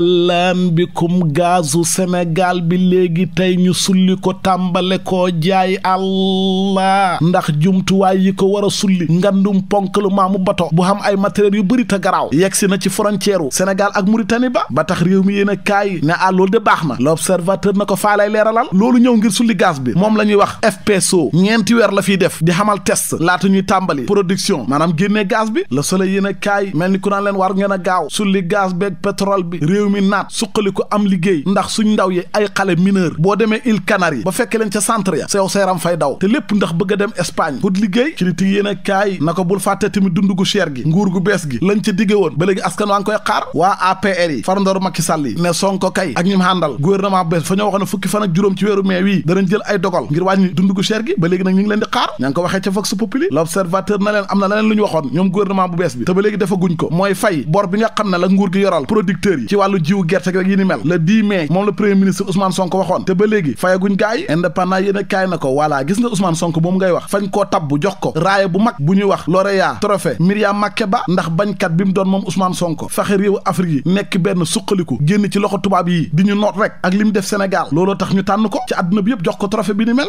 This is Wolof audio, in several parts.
lan bikum gazu Sénégal bi léegi tey ñu sulli ko tàmbale koo jaay Allah ndax jumtuwaay yi ko war a sulli ngandum ponkalu maamu bato bu xam ay matériel yu bëri te garaaw yegsi na ci frontière u Sénégal ak Mauritanie ba ba tax réew mi yéen a kaay ne ah loolu de baax na l'observateur na ko faa lay loolu ñëw ngir sulli gaz bi moom la ñuy wax FPSO ñeenti weer la fiy def di xamal test laata ñuy tàmbali production maanaam génnee gaz bi Le Soleil yéen a leen war ngeen a gaaw sulli gaz beeg pétrole bi réew mi naat suqali ko am liggéey ndax suñ ndaw yi ay xale mineur boo demee île yi ba fekk leen ca centre ya sew seeram fay daw te lépp ndax bëgg a dem Espagne pour liggéey critique yéen a kaay na ko bul fàtte tamit dund gu cher gi nguur gu bees gi lañ ca digge woon ba léegi askan waa ngi koy xaar waa APR yi farandoor Macky Sall yi ne Sonko kay ak ñim àndal gouvernement bees fa ñu ko waxoon ñoom gouvernement fay bor bi nga xam ne la nguur gi yoral producteurs yi ci wàllu jiwu gerte gi rek yi ni mel le 10 mai moom la premier ministre Ousmane Sonko waxoon te ba léegi fayaguñ gaay indépendant yéen a kaay na ko voilà gis nga Ousmane Sonko moom ngay wax fañ koo tabb jox ko raaya bu mag bu ñuy wax lauréat trophée Miriam Makeba ndax bañkat bi mu doon moom usmaan Sonko fexe réewu Afrique yi nekk benn suqaliku génn ci loxo tubaab yi di ñu noot rek ak li mu def Sénégal looloo tax ñu tànn ko ci àdduna bi yëpp jox ko trophée bi ni mel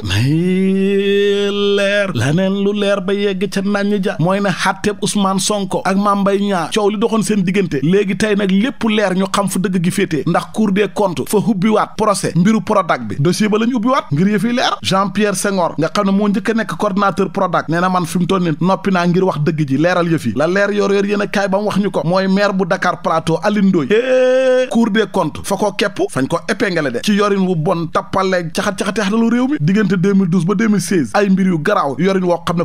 leer lu leer ba yegg ca nañ ja mooy ne xàtteeb Ousmane Sonko ak Mame Mbaye Niang coow li doxoon léegi tey nag lépp leer ñu xam fu dëgg gi féetee ndax cour des comptes fa hubbiwaat procès mbiru Prodac bi dossier ba la ñu ubbiwaat ngir yëfi leer Jean Pierre Senghor nga xam ne moo njëkk a nekk coordonnateur Prodac nee na man fi mu toll nii noppi naa ngir wax dëgg ji leeral yëf yi la leer yor yor yéen a wax ñu ko mooy maire bu Dakar Plateau Alioune Ndoye cour des comptes fa ko kepp fañ ko épinglé de ci yorin wu bon tappaleeg caxat-caxate xatalu réew mi diggante 2012 ba 2016 ay mbir yu garaaw yorin woo xam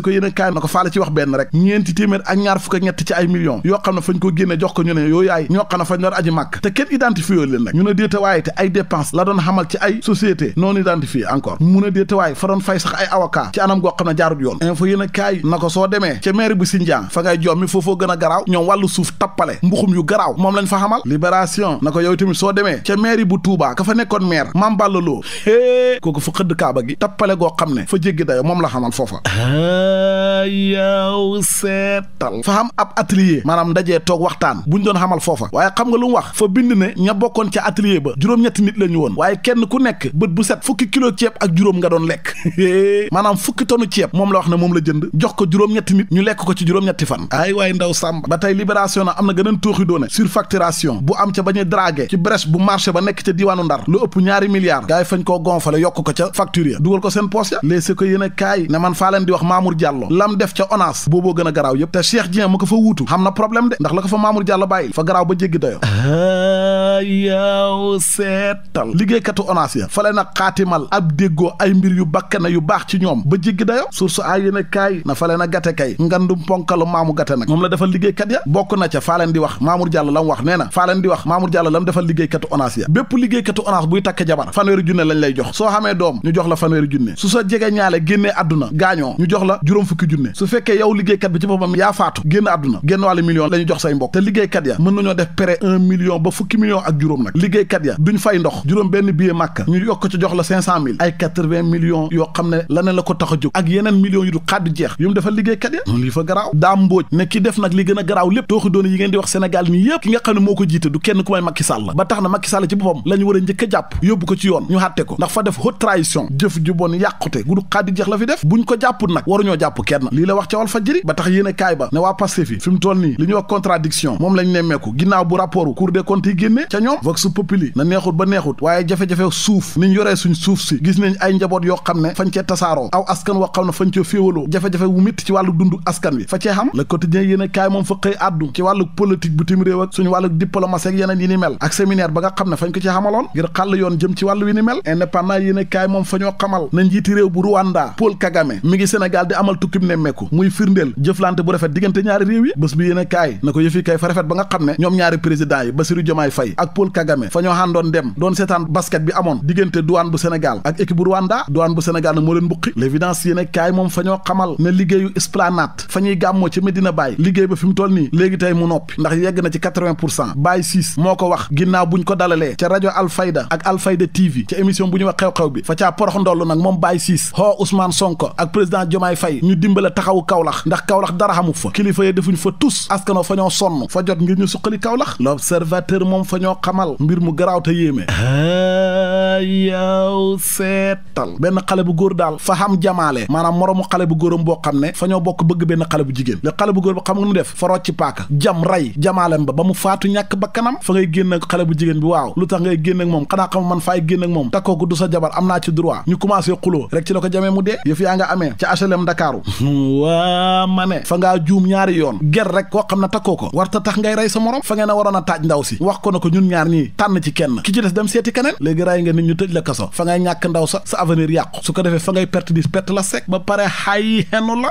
ko a kaay na benn rek ñeenti téeméer ak ñaar fukk ak ñett ci ay millions yoo xam ne fañ ko génne jox ko ñu ne yoo yaay ñoo xam ne fañ doon aji màkk te kenn identifié leen nag ñu ne déeta waaye te ay dépense la doon xamal ci ay société non identifié encore mu ne déeta fa doon fay sax ay avocat ci anam goo xam ne jaarut yoon info yéen a na ko soo demee ca maire bu Sindian fa ngay joom mi foofoo gën a garaaw ñoom wàllu suuf tappale mbuxum yu garaaw moom lañ bu Touba ka fa nekkoon maire Mame Balla Lo hee kooku fa xëdd kaaba goo xam ne fa jéggi dayo moom la xamal foofa seetal fa xam ab atelier maanaam dajee toog waxtaan buñ doon xamal foofa waaye xam nga lu mu wax fa bind ne ña bokkoon ca atelier ba juróom-ñetti nit la woon waaye kenn ku nekk bët bu set fukki kilo ceeb ak juróom nga doon lekk maanaam fukki tonu ceeb moom la wax ne moom la jënd jox ko juróom-ñetti nit ñu lekk ko ci juróom-ñetti fan ay waaye ndaw sàmba ba tey libération na am na gëneen tooxi doone surfacturation bu am ca bañuy dragué ci brèche bu marché ba nekk ca diiwaanu ndar lu ëpp ñaari milliards gars yi fañ koo gonfale yokk ko ca facture ya dugal ko seen poos ya a gën a garaaw yëpp te Cheikh Dieng ma na problème de ndax la ko fa Mamour Diallo ah, yu baax ci ñoom ba jéggi dayo source ay yéen kaay na fale na gate kay ngandum ponkalu maamu gate nag moom la defal liggéeykat ya bokk na ca faa leen di wax Mamour Diallo la mu wax nee na la mu defal liggéeykatu ONAS ya bépp liggéeykatu ONAS buy takk jabar fanweeri junne lañ lay jox soo xamee doom ñu jox la fanweeri junne su sa jege génnee àdduna gaañoo ñu jox la juróom fukki junne su fekkee yow liggéeykat bi ci boppam yaa faatu génn àdduna génn wàllu million la ñu jox say mbokk te liggéeykat ya mën nañoo def près un million ba fukki million ak juróom nag liggéeykat ya duñ fay ndox juróom benn billet màkk ñu yokk ci jox la cinq cent mille ay quatre-vingts millions yoo xam ne laneen la ko tax a jóg ak yeneen millions yu du xaddu jeex yu mu defal liggéeykat ya noonu li fa garaaw daa mbóoj ne ki def nag li gën a garaaw lépp tooxi doon yi ngeen di wax Sénégal nii yépp ki nga xam ne moo ko jiite na Macky Sall ci boppam la ñu war a njëkk a jàpp yóbbu ko ci yoon ñu xàtte ko ndax fa def haute trahison jëf ju bon la fi def buñ ko jàpp nag waruñoo jàpp kenn lii la wax ca Walfadjri ba tax yéen kaay ba ne waa Pastef yi fi mu toll nii li ñuy wax contradiction moom lañ nemmeeku ginnaaw bu rapport Cour des comptes yi ca ñoom vox populi na neexut ba neexut waaye jafe-jafe suuf niñ yoree suñ suuf si gis nañ ay njaboot yoo xam ne fañ cee tasaaroo aw askan woo xam ne fañ cee féewaloo jafe-jafe wu mitt ci wàllu dund askan wi fa cee xam le quotidien yéen kaay moom fa xëy àddu ci wàllu politique bu tim réew ak wàllu diplomatie yeneen yi ni mel ak ba nga xam ne fañ ko ci xamaloon ngir xàll yoon jëm ci wàllu wi ni mel indépendant yéen kaay moom fa ñoo xamal na njiiti réew bu Rwanda Paul Kagame mi nemmeeku muy firndeel jëflante bu rafet diggante ñaari réew yi bés bi yéen na ko yëfi kay fa rafet ba nga xam ne ñoom ñaari président yi Bassirou Diomaye Faye ak Paul Kagame fa ñoo àndoon dem doon seetaan basket bi amoon diggante douane bu Sénégal ak équipe bu Rwanda bu Sénégal na moo leen mbuqi l'évidence yéen moom fa xamal ne liggéeyu esplanade fa gàmmoo ci Medina Baye liggéey ba fi mu toll nii léegi tey mu noppi ndax yegg na ci 80 moo ko wax ginnaaw Kaolack dara xamu fa kilifa ya defuñ fa tus askano fa ñoo sonn fa jot ngir ñu suqali Kaolack l'observateur moom fa ñoo xamal mbir mu garaaw ta yéeme ah. yow seetal benn xale bu góor daal fa xam jamaalee maanaam moroomu xale bu góoram boo xam ne fa ñoo bokk bëgg benn xale bu jigéen le xale bu góor ba xam nga nu def fa rocci paaka jam ray jamaalem ba ba mu faatu ñàkk ba kanam fa ngay génn ak xale bu jigéen bi waaw lu tax ngay génn ak moom xanaa xam man fa génn ak moom takkoo ko du sa jabar am naa ci droit ñu commencé xuloo rek ci la ko jamee mu dee yëf yaa nga amee ca HLM Ndakaaru waa ma ne fa ngaa juum ñaari yoon ger rek koo xam ne takkoo ko warta tax ngay rey sa morom fa ngeen a waroon a taaj ndaw si ñu tëj la kaso fa ngay ndaw sa sa avenir yàqu su ko defee fa perte di perte la sec ba pare xay xenu la